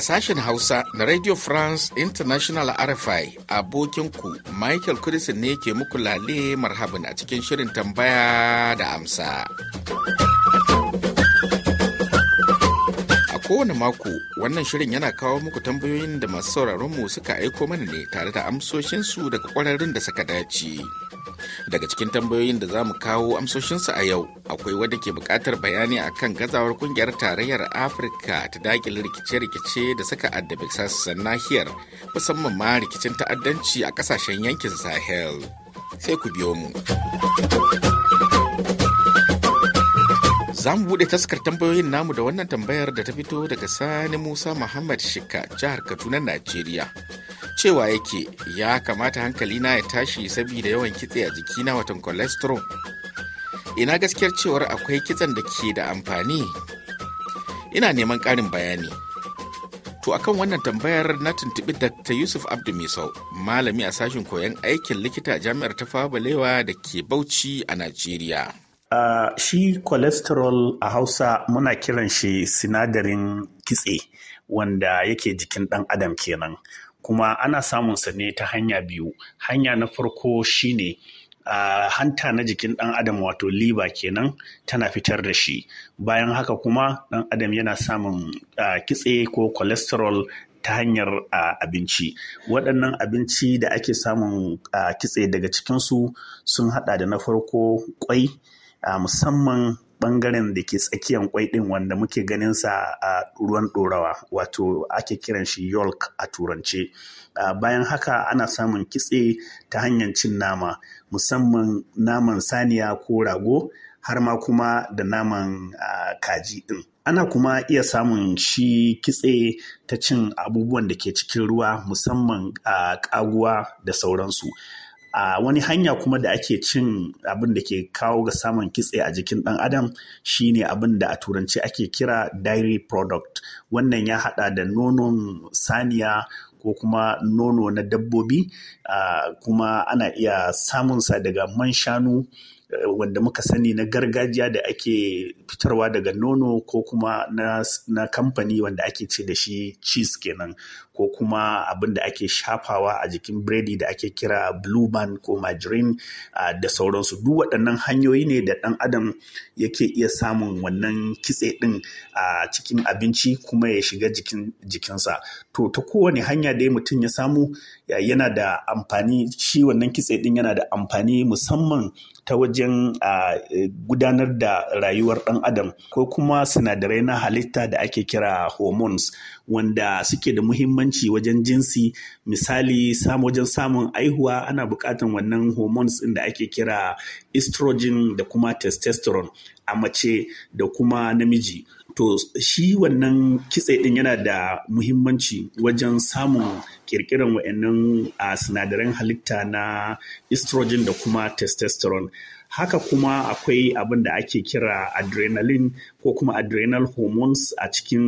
Daga sashen Hausa na Radio France International RFI abokinku Michael Kudisin ne ke muku lale marhabin a cikin shirin tambaya da amsa. A kowane mako wannan shirin yana kawo muku tambayoyin da masu sauraronmu suka aiko mana ne tare da amsoshinsu daga kwararrun da suka dace. daga cikin tambayoyin da za mu kawo amsoshinsu a yau akwai wadda ke bukatar bayani a kan gazawar kungiyar tarayyar afirka ta dakile rikice-rikice da suka addabi sassan nahiyar musamman ma rikicin ta'addanci a kasashen yankin sahel sai ku biyo mu za mu buɗe taskar tambayoyin namu da wannan tambayar da ta fito daga sani musa muhammad shika jihar katunan najeriya cewa yake ya kamata hankali na ya tashi saboda yawan kitse a jikina watan cholesterol ina gaskiyar cewar akwai kitsen da ke da amfani ina neman ƙarin bayani to akan wannan tambayar na tuntubi dr yusuf abdu misau malami a sashen koyon aikin likita jami'ar ta Fabalewa da ke bauchi a najeriya Uh, shi cholesterol a hausa muna kiran shi sinadarin kitse wanda yake jikin ɗan adam kenan kuma ana samun sa ne ta hanya biyu hanya na farko shine a hanta na jikin ɗan adam wato liba kenan tana fitar da shi bayan haka kuma ɗan adam yana samun kitse ko cholesterol ta hanyar abinci waɗannan abinci da ake samun kitse daga cikinsu sun haɗa da na farko kwai musamman bangaren da ke tsakiyan kwai din wanda muke ganin sa a ruwan dorawa wato ake kiran shi yolk a turance bayan haka ana samun kitse ta hanyar cin nama musamman naman saniya ko rago har ma kuma da naman kaji din ana kuma iya samun shi kitse ta cin abubuwan da ke cikin ruwa musamman a kaguwa da sauransu a wani hanya kuma da ake cin abin da ke kawo ga samun kitse a jikin ɗan adam shine abin da a turanci ake kira dairy product wannan ya haɗa da nonon saniya ko kuma nono na dabbobi kuma ana iya samunsa daga man shanu wanda muka sani na gargajiya da ake fitarwa daga nono ko kuma na, kamfani wanda ake ce da shi cheese kenan ko kuma abin da ake shafawa a jikin biredi da ake kira blue band ko margarine da sauransu duk waɗannan hanyoyi ne da ɗan adam yake iya samun wannan kitse ɗin a cikin abinci kuma ya shiga jikinsa to ta kowane hanya da mutum ya samu yana da amfani shi wannan kitse ɗin yana da amfani musamman ta wajen gudanar da rayuwar ɗan adam ko kuma sinadarai na halitta da ake kira hormones wanda suke da muhimmanci wajen jinsi misali samu wajen samun aihuwa ana buƙatar wannan hormones inda ake kira estrogen da kuma testosterone a mace da kuma namiji to shi wannan kitse din yana da muhimmanci wajen samun kirkiran wa'annan a sinadaran halitta na estrogen da kuma testosterone haka kuma akwai abin da ake kira adrenaline ko kuma adrenal hormones a cikin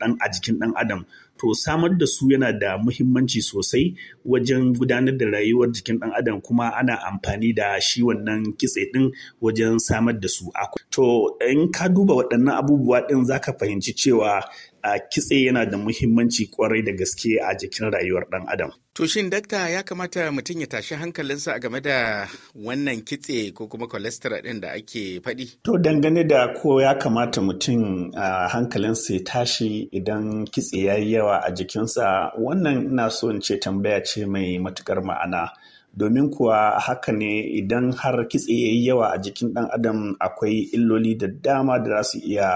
a jikin dan adam to samar da su yana da muhimmanci sosai wajen gudanar da rayuwar jikin ɗan adam kuma ana amfani da shi wannan kitse ɗin wajen samar da su to in ka duba waɗannan abubuwa ɗin zaka fahimci cewa a kitse yana da muhimmanci kwarai da gaske a jikin rayuwar ɗan adam. To shin dakta ya kamata mutum ya tashi hankalinsa game da wannan kitse ko kuma cholesterol ɗin da ake faɗi? To dangane da ko ya kamata mutum a hankalinsa ya tashi idan kitse ya yi yawa a jikinsa wannan ina so in ce tambaya ce mai matukar ma'ana. domin kuwa haka ne idan har kitse ya yi yawa a jikin ɗan adam akwai illoli da dama da za su iya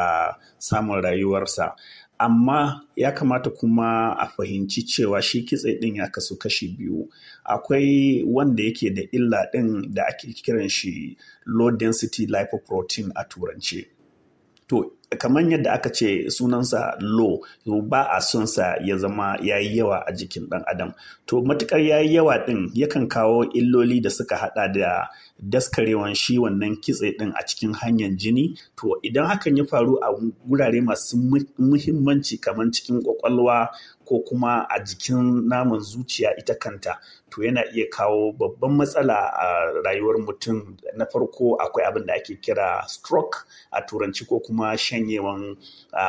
samun rayuwarsa amma ya kamata kuma a fahimci cewa shi kitse ɗin ya kasu kashi biyu akwai wanda yake da illa ɗin da ake kiran shi low density lipoprotein a turance to kamar yadda aka ce sunansa lo ba a son ya zama ya yi yawa a jikin ɗan adam to matukar ya yi yawa ɗin yakan kawo illoli da suka hada da daskarewan shi wannan kitse ɗin a cikin hanyar jini to idan hakan ya faru a wurare masu muhimmanci kamar cikin kwakwalwa ko kuma a jikin naman zuciya ita kanta to yana iya kawo babban matsala a rayuwar mutum na farko akwai abin da ake kira stroke a turanci ko kuma shanyewan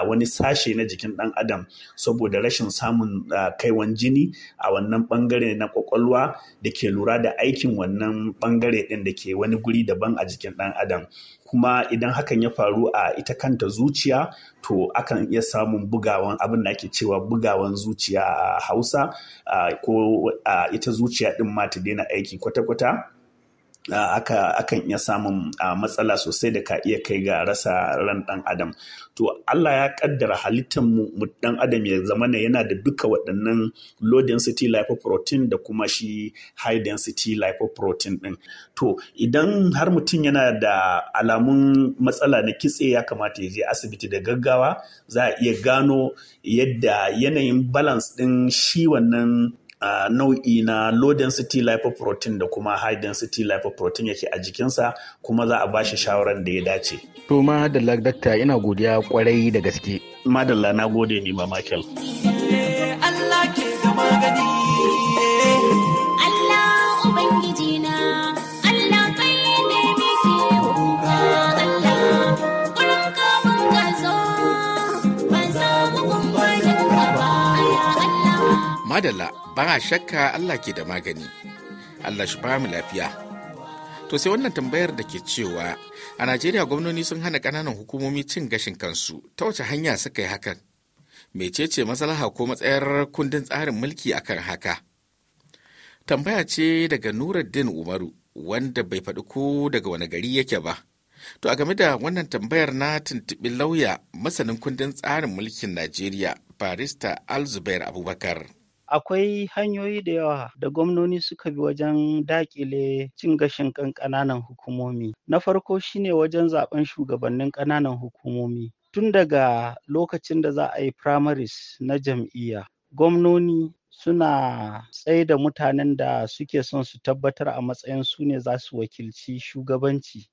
wani sashe na jikin ɗan adam saboda rashin samun kaiwan jini a wannan bangare na ƙwaƙwalwa da ke lura da aikin wannan bangare din da ke wani guri daban a jikin ɗan adam kuma idan hakan ya faru a ita kanta zuciya to akan iya samun bugawan abin da ake cewa bugawan zuciya a hausa ko ita zuciya zuciya din ma daina aiki kwata-kwata akan iya samun matsala sosai da ka iya kai ga rasa ran ɗan adam to Allah ya ƙaddara halittar mu ɗan adam ya zama ne yana da duka waɗannan low density lipoprotein da kuma shi high density lipoprotein ɗin to idan har mutum yana da alamun matsala na kitse ya kamata ya je asibiti da gaggawa za a iya gano yadda yanayin balance ɗin shi wannan A nau'i na low density lipoprotein da kuma high density lipoprotein yake a jikinsa kuma za a bashi shawaran da ya dace. To ma dakta ina godiya kwarai da gaske. Madalla na gode ni ma Michael. Madalla ba shakka Allah ke da magani Allah shi ba mu lafiya to sai wannan tambayar da ke cewa a Najeriya gwamnoni sun hana ƙananan hukumomi cin gashin kansu ta wace hanya suka yi hakan mecece maslaha ko matsayar kundin tsarin mulki akan haka tambaya ce daga Nuruddin Umaru wanda bai faɗi ko daga wani gari yake ba To a game da wannan tambayar na tuntuɓi lauya masanin kundin tsarin mulkin Najeriya barista Alzubair Abubakar. akwai hanyoyi da yawa da gwamnoni suka bi wajen daƙile cin gashin kan ƙananan hukumomi na farko shine wajen zaben shugabannin ƙananan hukumomi tun daga lokacin da za a yi primaries na jam'iyya gwamnoni suna tsaida mutanen da suke son su tabbatar a matsayin su ne za su wakilci shugabanci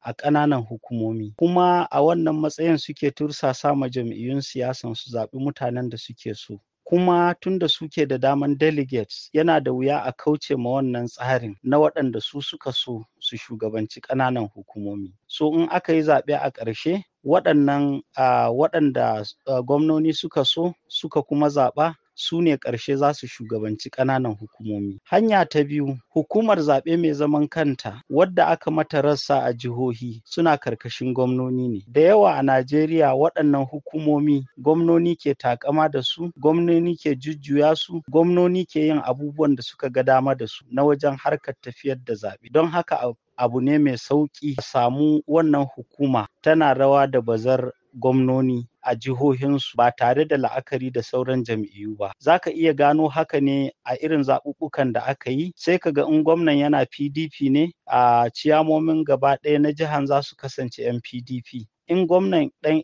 a ƙananan hukumomi kuma a wannan matsayin suke tursasa ma jam'iyyun siyasan su zaɓi mutanen da suke so kuma tunda suke da daman delegates yana da wuya a kauce ma wannan tsarin na waɗanda su suka so su shugabanci ƙananan hukumomi so in aka yi zaɓe a ƙarshe waɗannan ah, waɗanda ah, gwamnoni suka so suka kuma zaɓa su ne ƙarshe za su shugabanci ƙananan hukumomi. Hanya ta biyu, hukumar zaɓe mai zaman kanta wadda aka mata rassa a jihohi suna karkashin gwamnoni ne. Da yawa a Najeriya waɗannan hukumomi gwamnoni ke takama da su, gwamnoni ke jujjuya su, gwamnoni ke yin abubuwan da suka ga dama da su na wajen harkar tafiyar da zaɓe. Don haka abu ne mai sauƙi samu wannan hukuma tana rawa da bazar gwamnoni a jihohinsu ba tare da la'akari da sauran jam'iyyu ba. Za ka iya gano haka ne a irin zaɓuɓɓukan da aka yi, sai ka ga in gwamnan yana PDP ne a ciyamomin gaba ɗaya na jihan za su kasance 'yan PDP. in gwamnan ɗan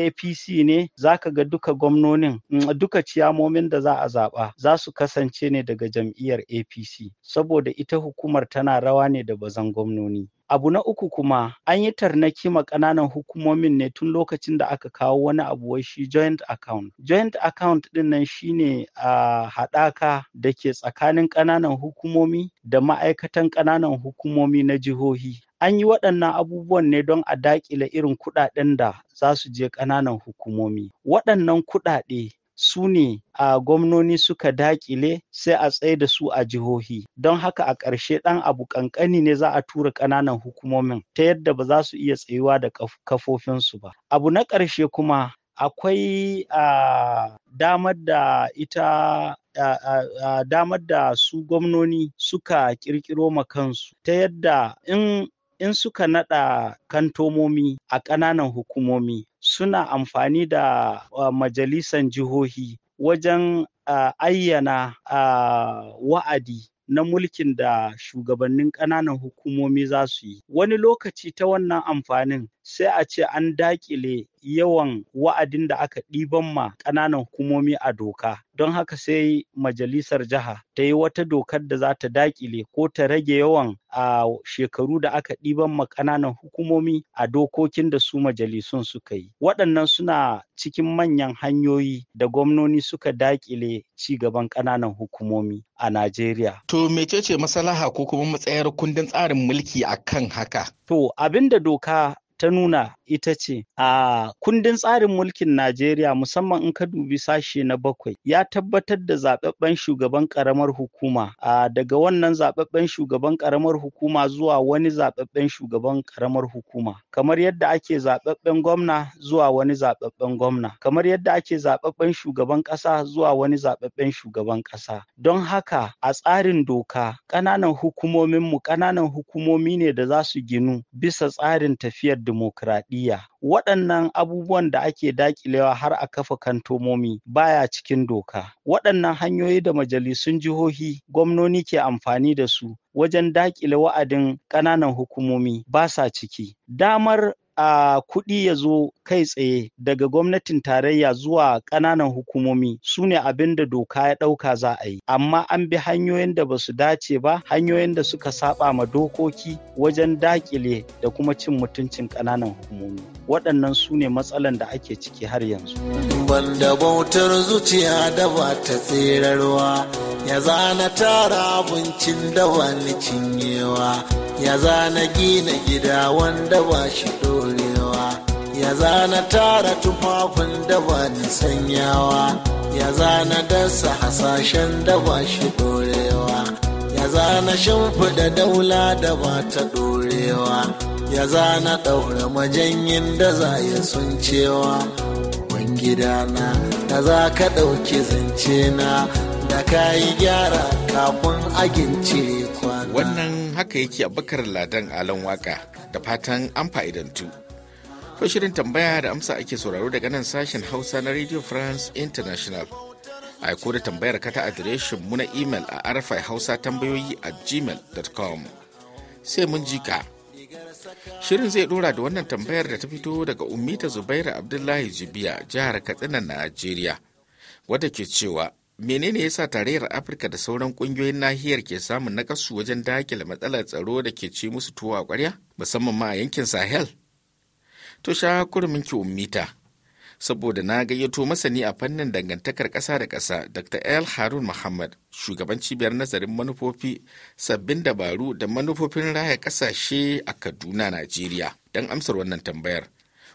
APC ne za ka ga duka gwamnonin mm, duka ciyamomin da za a zaɓa za su kasance ne daga jam'iyyar APC saboda ita hukumar tana rawa ne da bazan gwamnoni. Abu na uku kuma an yi tarnaki ma ƙananan hukumomin ne tun lokacin da aka kawo wani abu wai shi joint account. Joint account ɗin nan shine a uh, haɗaka da ke tsakanin ƙananan hukumomi da ma'aikatan ƙananan hukumomi na jihohi. An yi waɗannan abubuwan ne don a daƙile irin kuɗaɗen da za su je ƙananan hukumomi. Waɗannan kuɗaɗe su ne a gwamnoni suka daƙile sai a tsaye da su a jihohi. Don haka a ƙarshe ɗan abu ƙanƙani ne za a tura ƙananan hukumomin ta yadda ba za su iya tsayuwa da kafofinsu ba. Abu na ƙarshe kuma akwai a damar da su gwamnoni suka kirkiro ma kansu ta yadda in in suka naɗa kantomomi a ƙananan hukumomi suna amfani da majalisan jihohi wajen ayyana wa'adi na mulkin da shugabannin ƙananan hukumomi za su yi. Wani lokaci ta wannan amfanin sai a ce an dakile yawan wa'adin da aka ɗiban ma ƙananan hukumomi a doka don haka sai majalisar jiha ta yi wata dokar da za ta dakile ko ta rage yawan a shekaru da aka ɗiban ma ƙananan hukumomi a dokokin da su majalisun suka yi waɗannan suna cikin manyan hanyoyi da gwamnoni suka dakile ci gaban ƙananan hukumomi a najeriya to mecece maslaha ko kuma matsayar kundin tsarin mulki akan haka to abin da doka ta nuna ita ce a kundin tsarin mulkin Najeriya musamman in ka dubi sashe na bakwai ya tabbatar da zaɓaɓɓen shugaban karamar hukuma a daga wannan zaɓaɓɓen shugaban karamar hukuma zuwa wani zaɓaɓɓen shugaban ƙaramar hukuma kamar yadda ake zaɓaɓɓen gwamna zuwa wani zaɓaɓɓen gwamna kamar yadda ake zaɓaɓɓen shugaban ƙasa zuwa wani zaɓaɓɓen shugaban ƙasa don haka a tsarin doka ƙananan mu ƙananan hukumomi ne da za su ginu bisa tsarin tafiyar dimokuraɗiyya tarbiyya waɗannan abubuwan da ake daƙilewa har a kafa kantomomi baya cikin doka waɗannan hanyoyi da majalisun jihohi gwamnoni ke amfani da su wajen daƙile wa'adin ƙananan hukumomi ba sa ciki damar a ah, kuɗi ya zo kai tsaye daga gwamnatin tarayya zuwa ƙananan hukumomi su ne abin da doka ya ɗauka za a yi amma an bi hanyoyin da ba su dace ba hanyoyin da suka saba ma dokoki wajen dakile da kuma cin mutuncin ƙananan hukumomi waɗannan su ne matsalan da ake ciki har yanzu. Banda bautar zuciya da ba ta tserarwa ya zana tara abincin da ba ni cinyewa ya zana gina gida wanda ba shi ɗorewa. ya zana tara tufafin da ba ni sanyawa ya zana dasa hasashen da ba shi dorewa ya zana shimfiɗa daula da ba ta dorewa ya zana ɗaura majanyin da za ya sun cewa gidana da za ka ɗauki zance na da ka yi gyara kafin agin cire kwana wannan haka yake bakar ladan alon waka da fatan an fa'idantu ko shirin tambaya da amsa ake sauraro daga nan sashen Hausa na Radio France International. Aiko da tambayar ka ta adireshin mu na imel a arafai hausa tambayoyi a gmail.com. Sai mun ji ka. Shirin zai dora da wannan tambayar da ta fito daga Umita Zubairu Abdullahi Jibiya, jihar Katsina, Najeriya, wadda ke cewa menene yasa tarayyar afirka da sauran kungiyoyin nahiyar ke samun nakasu wajen dakile matsalar tsaro da ke ci musu tuwo a kwarya musamman ma a yankin sahel to sha kurmin ki ummita saboda na gayyato masani a fannin dangantakar ƙasa da ƙasa dr el harun muhammad shugaban cibiyar nazarin manufofi sabbin dabaru da manufofin raya ƙasashe a kaduna najeriya don amsar wannan tambayar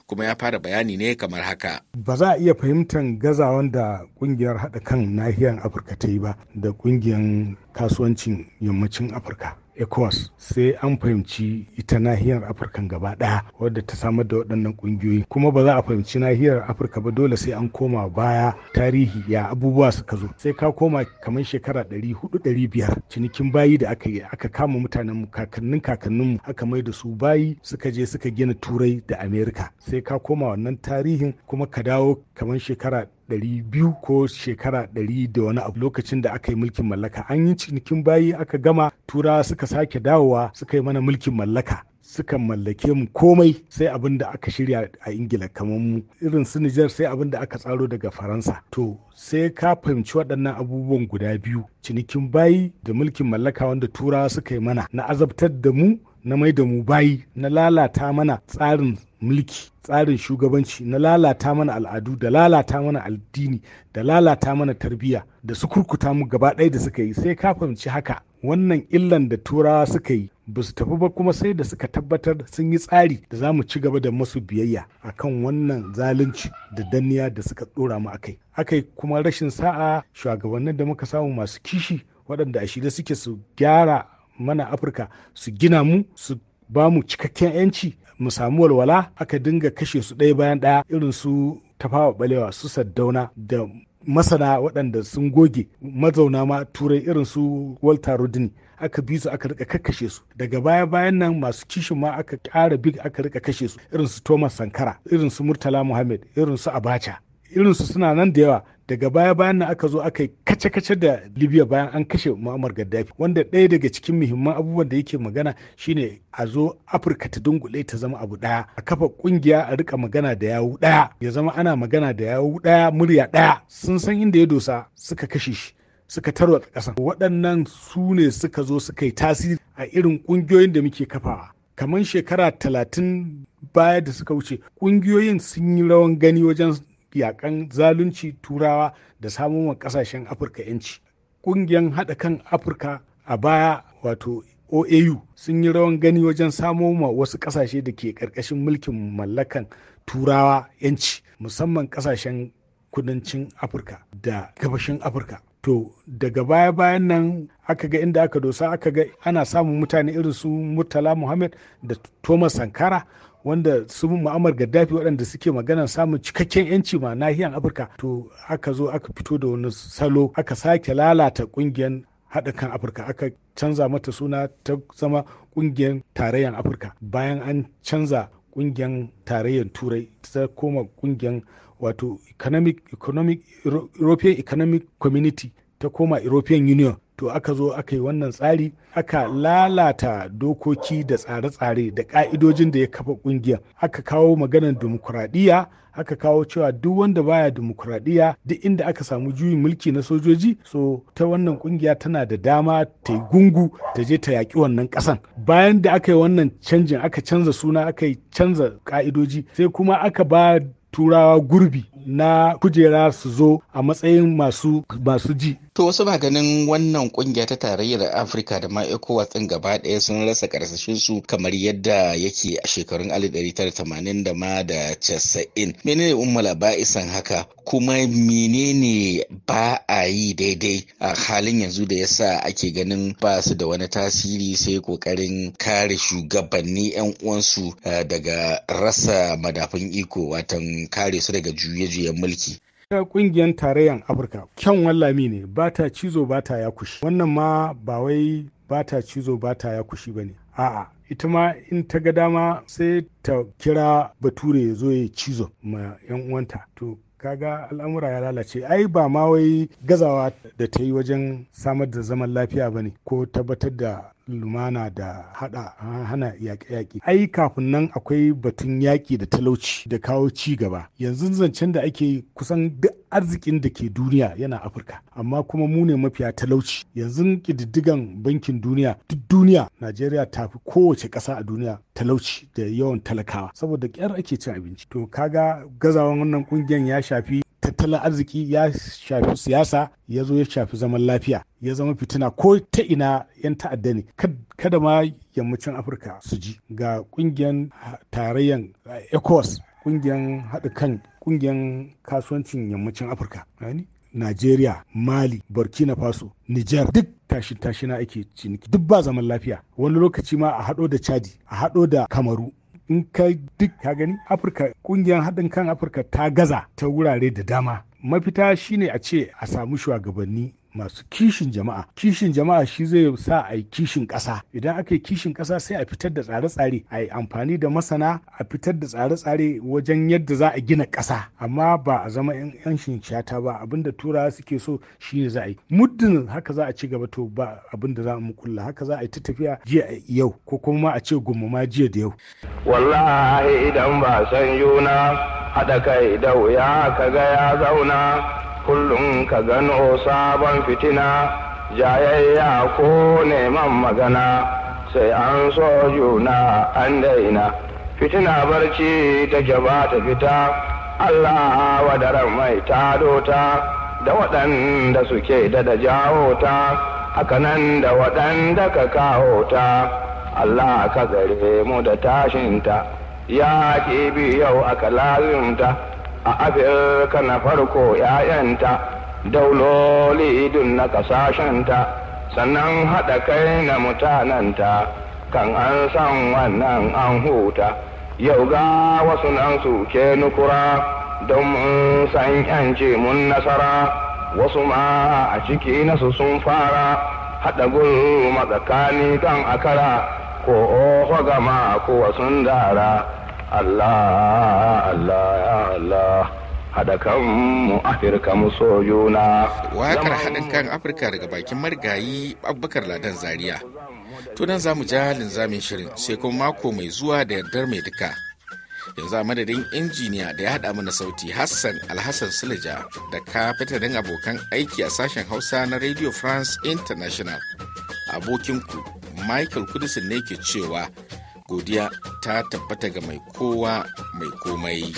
kuma ya fara bayani ne kamar haka. Ba za a iya fahimtar gazawan da kungiyar haɗa kan nahiyar Afirka ta yi ba da kungiyar kasuwancin yammacin Afirka. ECOWAS sai an fahimci ita nahiyar Afirka gaba ɗaya wadda ta samar da waɗannan ƙungiyoyi kuma ba za a fahimci nahiyar Afirka ba dole sai an koma baya tarihi ya abubuwa suka zo sai ka koma kamar shekara ɗari hudu ɗari biyar cinikin bayi da aka yi aka kama mutanen mu kakannin kakannin mu aka mai da su bayi suka je suka gina turai da Amerika sai ka koma wannan tarihin kuma ka dawo kamar shekara ɗari biyu ko shekara ɗari da wani abu lokacin da aka yi mulkin mallaka an yi cinikin bayi aka gama turawa suka sake dawowa suka yi mana mulkin mallaka suka mallake mu komai sai abin da aka shirya a ingila kamar mu irin su nijar sai abin da aka tsaro daga faransa to sai ka fahimci waɗannan abubuwan guda biyu cinikin bayi da mulkin mallaka wanda turawa suka yi mana na azabtar da mu na mai da mu bayi na lalata mana tsarin mulki tsarin shugabanci na lalata mana al'adu da lalata mana addini da lalata mana tarbiyya da su kurkuta mu gaba ɗaya da suka yi sai ka fahimci haka wannan illan da turawa suka yi ba su tafi ba kuma sai da suka tabbatar sun yi tsari da za mu ci gaba da masu biyayya a kan wannan zalunci da danniya da suka ɗora mu akai akai kuma rashin sa'a shugabannin da muka samu masu kishi waɗanda a shirye suke su gyara mana afirka su gina mu su ba mu cikakken yanci mu samu walwala aka dinga kashe su ɗaya bayan ɗaya irin su tafawa balewa su saddauna da masana waɗanda sun goge mazauna ma turai irin su walter aka bi su aka rika kakkashe su daga baya bayan nan masu kishin ma aka ƙara big aka rika kashe su irin su thomas sankara irin su murtala muhammad irin su abacha irin su suna nan da yawa daga baya bayan nan aka zo aka yi kace-kace da libya bayan an kashe muammar gaddafi wanda ɗaya daga cikin muhimman abubuwan da yake magana shine a zo afirka ta dungule ta zama abu ɗaya a kafa kungiya a rika magana da yawu ɗaya ya zama ana magana da yawu ɗaya murya ɗaya sun san inda ya dosa suka kashe shi suka tarwatsa ƙasa waɗannan su ne suka zo suka yi tasiri a irin ƙungiyoyin da muke kafawa kamar shekara talatin baya da suka wuce ƙungiyoyin sun yi rawan gani wajen yakan zalunci turawa da samun wa kasashen afirka yanci ƙungiyar haɗa kan afirka a baya wato oau sun yi rawan gani wajen samo ma wasu kasashe da ke ƙarƙashin mulkin mallakan turawa yanci musamman ƙasashen kudancin afirka da gabashin afirka to daga baya-bayan nan aka ga inda aka dosa aka ga ana samun mutane irin su murtala muhammad da thomas sankara wanda su mu'amar gaddafi waɗanda suke maganar samun cikakken yanci ma nahiyar afirka to aka zo aka fito da wani salo aka sake lalata ƙungiyar haɗa kan afirka aka canza mata suna ta zama ƙungiyar tarayyar afirka bayan an canza ƙungiyar tarayyar turai ta koma ƙungiyar wato economic european economic community ta koma european union to aka zo aka yi wannan tsari aka lalata dokoki da tsare-tsare da ka'idojin da ya kafa kungiyar aka kawo maganar dimokuraɗiyya aka kawo cewa duk wanda baya dimokuraɗiyya duk inda aka samu juyin mulki na sojoji so ta wannan kungiya tana da dama ta yi gungu ta je ta yaƙi wannan ƙasan bayan da aka yi wannan canjin aka canza suna aka yi canza ka'idoji sai kuma aka ba turawa gurbi na kujera su zo a matsayin masu masu ji To wasu ba ganin wannan kungiya ta tarayyar Afirka da ma ECOWAS gaba ɗaya sun rasa karsashin su kamar yadda yake a shekarun 1980 da ma da 90. Menene ummala ba isan haka kuma menene ba a yi daidai a halin yanzu da yasa ake ganin ba su da wani tasiri sai kokarin kare shugabanni 'yan uwansu eh, daga rasa madafun iko watan kare su daga juye-juyen mulki. ta kungiyar tarayyar afirka kyan wallami ne ba ta cizo ba ta ya kushi wannan ma ba wai ba ta cizo ba ta ya kushi ba ne a'a ita ma in ta ga dama sai ta kira bature ya zo ya cizo ma yan uwanta to kaga al'amura ya lalace ai ba ma wai gazawa da ta yi wajen samar da zaman lafiya ba ne ko tabbatar da lumana da hada hana yaƙe-yaƙe ai kafin nan akwai batun yaƙi da talauci da kawo ci gaba yanzu zancen da ake kusan duk arzikin da ke duniya yana afirka amma kuma mu ne mafiya talauci yanzu ƙididdigan bankin duniya duk duniya najeriya ta fi kowace ƙasa a duniya talauci da yawan talakawa saboda ƙyar ake cin abinci to kaga gazawan wannan ƙungiyar ya shafi tattalin arziki ya shafi siyasa ya zo ya shafi zaman lafiya ya zama fitina ko ta ina 'yan ta'adda ne kada ma yammacin afirka su ji ga kungiyar tarayyar ecos kungiyar haɗa kan kungiyar kasuwancin yammacin afirka Najeriya, Mali, Burkina Faso, niger duk tashi tashi na ake ciniki duk ba zaman lafiya wani lokaci ma a haɗo da Chadi a haɗo da Kamaru in ka duk ka gani afirka kungiyar haɗin kan afirka ta gaza ta wurare da dama mafita shine a ce a samu shugabanni masu kishin jama'a kishin jama'a shi zai sa a yi kishin ƙasa idan aka yi kishin ƙasa sai a fitar da tsare-tsare a yi amfani da masana a fitar da tsare-tsare wajen yadda za a gina ƙasa amma ba a zama 'yan shinshata ba abinda turawa suke so shi ne za a yi muddin haka za a ci gaba to ba abinda za mu kulla haka za a yi ta tafiya jiya yau ko kuma a ce gumama jiya da yau wallahi idan ba san yuna haɗa kai da wuya ka ga ya zauna kullum ka gano sabon fitina jayayya ko neman magana sai an so juna an daina fitina barci ta jaba ta fita Allah wadaran mai ta ta da waɗanda suke da jawo ta hakanan da waɗanda ka kawo ta Allah ka gare mu da tashinta ya ke bi yau aka lazimta. a afirka na farko ‘ya'yanta dauloli idun na ƙasashenta sannan haɗa kai na mutananta kan an san wannan an huta yau ga wasu nan su ke nukura don mun san ‘yanci mun nasara wasu ma a ciki nasu sun fara haɗa gulma tsakani kan akara ko oho gama ko sun dara. Allah Allah ya Allah haɗa kanmu Afirka mu so juna. Wakar haɗin kan Afirka daga bakin marigayi Abubakar Ladan Zaria. To nan za mu ja linzamin shirin sai kuma mako mai zuwa da yardar mai duka. Yanzu a madadin injiniya da ya haɗa mana sauti Hassan Alhassan Sulaja da kafetanin abokan aiki a sashen Hausa na Radio France International. Abokinku Michael Kudisin ne ke cewa godiya ta tabbata ga mai kowa mai komai.